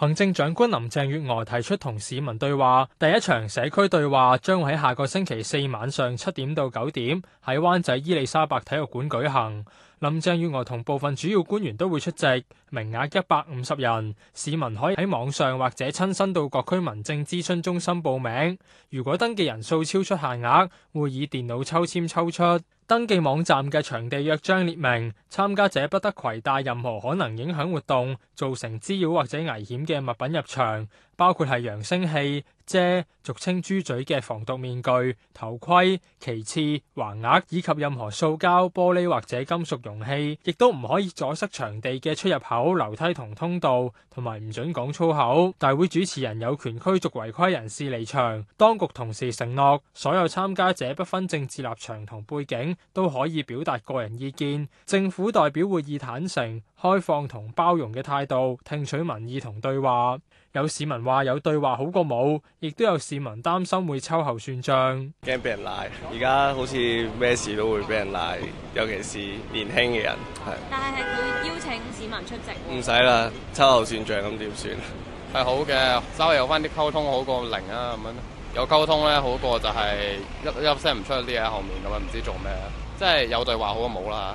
行政長官林鄭月娥提出同市民對話，第一場社區對話將會喺下個星期四晚上七點到九點喺灣仔伊利沙伯體育館舉行。林鄭月娥同部分主要官員都會出席，名額一百五十人。市民可以喺網上或者親身到各區民政諮詢中心報名。如果登記人數超出限額，會以電腦抽籤抽出。登記網站嘅場地約章列明，參加者不得攜帶任何可能影響活動、造成滋擾或者危險嘅物品入場，包括係揚聲器。遮俗稱豬嘴嘅防毒面具、頭盔、旗幟、橫額以及任何塑膠、玻璃或者金屬容器，亦都唔可以阻塞場地嘅出入口、樓梯同通道，同埋唔准講粗口。大會主持人有權驅逐違規人士離場。當局同時承諾，所有參加者不分政治立場同背景，都可以表達個人意見。政府代表會以坦誠，開放同包容嘅態度，聽取民意同對話。有市民話有對話好過冇，亦都有市民擔心會秋後算賬，驚俾人賴。而家好似咩事都會俾人賴，尤其是年輕嘅人係。但係係佢邀請市民出席啊。唔使啦，秋後算賬咁點算？係好嘅，稍微有翻啲溝通好過零啊咁樣。有溝通咧好過就係一一聲唔出啲喺後面咁啊，唔知做咩。即係有對話好過冇啦。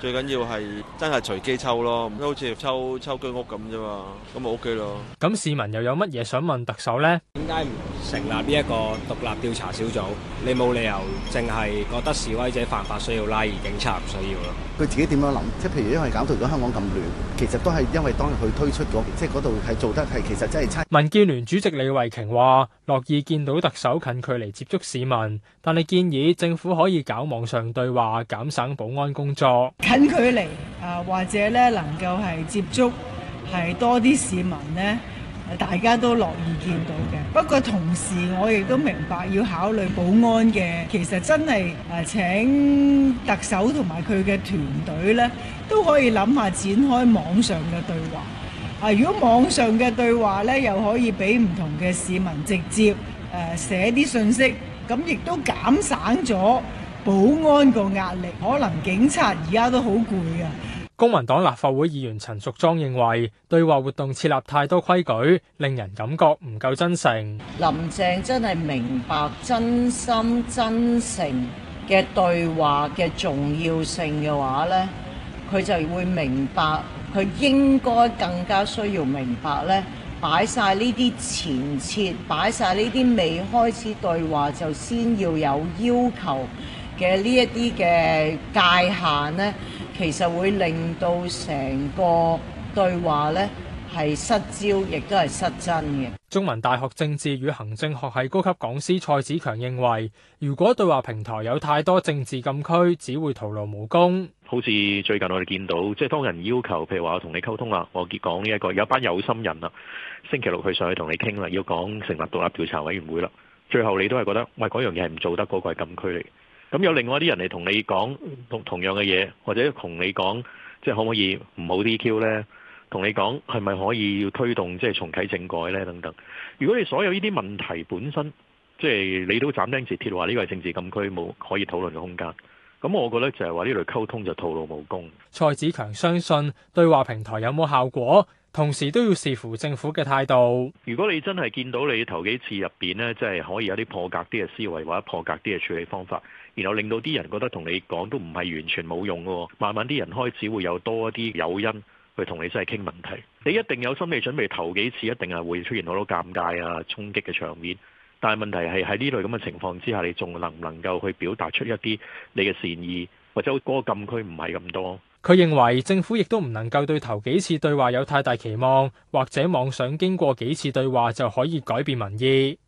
最緊要係。真係隨機抽咯，都好似抽抽居屋咁啫嘛。咁咪 OK 咯。咁市民又有乜嘢想問特首呢？點解唔成立呢一個獨立調查小組？你冇理由淨係覺得示威者犯法需要拉，而警察唔需要咯？佢自己點樣諗？即係譬如因為搞到而家香港咁亂，其實都係因為當日佢推出嗰即係嗰度係做得係其實真係差。民建聯主席李慧瓊話：樂意見到特首近距離接觸市民，但係建議政府可以搞網上對話，減省保安工作。近距離。啊，或者呢能夠係接觸係多啲市民呢，大家都樂意見到嘅。不過同時我亦都明白要考慮保安嘅，其實真係誒請特首同埋佢嘅團隊呢，都可以諗下展開網上嘅對話。啊，如果網上嘅對話呢，又可以俾唔同嘅市民直接誒寫啲信息，咁亦都減省咗。保安個壓力，可能警察而家都好攰啊。公民黨立法會議員陳淑莊認為，對話活動設立太多規矩，令人感覺唔夠真誠。林鄭真係明白真心真誠嘅對話嘅重要性嘅話呢，佢就會明白，佢應該更加需要明白呢，擺晒呢啲前設，擺晒呢啲未開始對話就先要有要求。嘅呢一啲嘅界限咧，其實會令到成個對話咧係失焦，亦都係失真嘅。中文大學政治與行政學系高級講師蔡子強認為，如果對話平台有太多政治禁區，只會徒勞無功。好似最近我哋見到，即係當人要求，譬如話我同你溝通啦，我結講呢一個有一班有心人啦，星期六去上去同你傾啦，要講成立獨立調查委員會啦，最後你都係覺得，喂嗰樣嘢係唔做得，嗰個係禁區嚟。咁、嗯、有另外一啲人嚟同你講同同樣嘅嘢，或者同你講，即係可唔可以唔好 DQ 咧？同你講，係咪可以要推動即係重啟政改咧？等等。如果你所有呢啲問題本身即係你都斬釘截鐵話呢個係政治禁區，冇可以討論嘅空間，咁、嗯、我覺得就係話呢類溝通就徒勞無功。蔡子強相信對話平台有冇效果，同時都要視乎政府嘅態度。如果你真係見到你頭幾次入邊呢，即係可以有啲破格啲嘅思維或者破格啲嘅處理方法，然後令到啲人覺得同你講都唔係完全冇用嘅，慢慢啲人開始會有多一啲誘因去同你真係傾問題。你一定有心理準備，頭幾次一定係會出現好多尷尬啊、衝擊嘅場面。但係問題係喺呢類咁嘅情況之下，你仲能唔能夠去表達出一啲你嘅善意，或者嗰個禁區唔係咁多？佢認為政府亦都唔能夠對頭幾次對話有太大期望，或者妄想經過幾次對話就可以改變民意。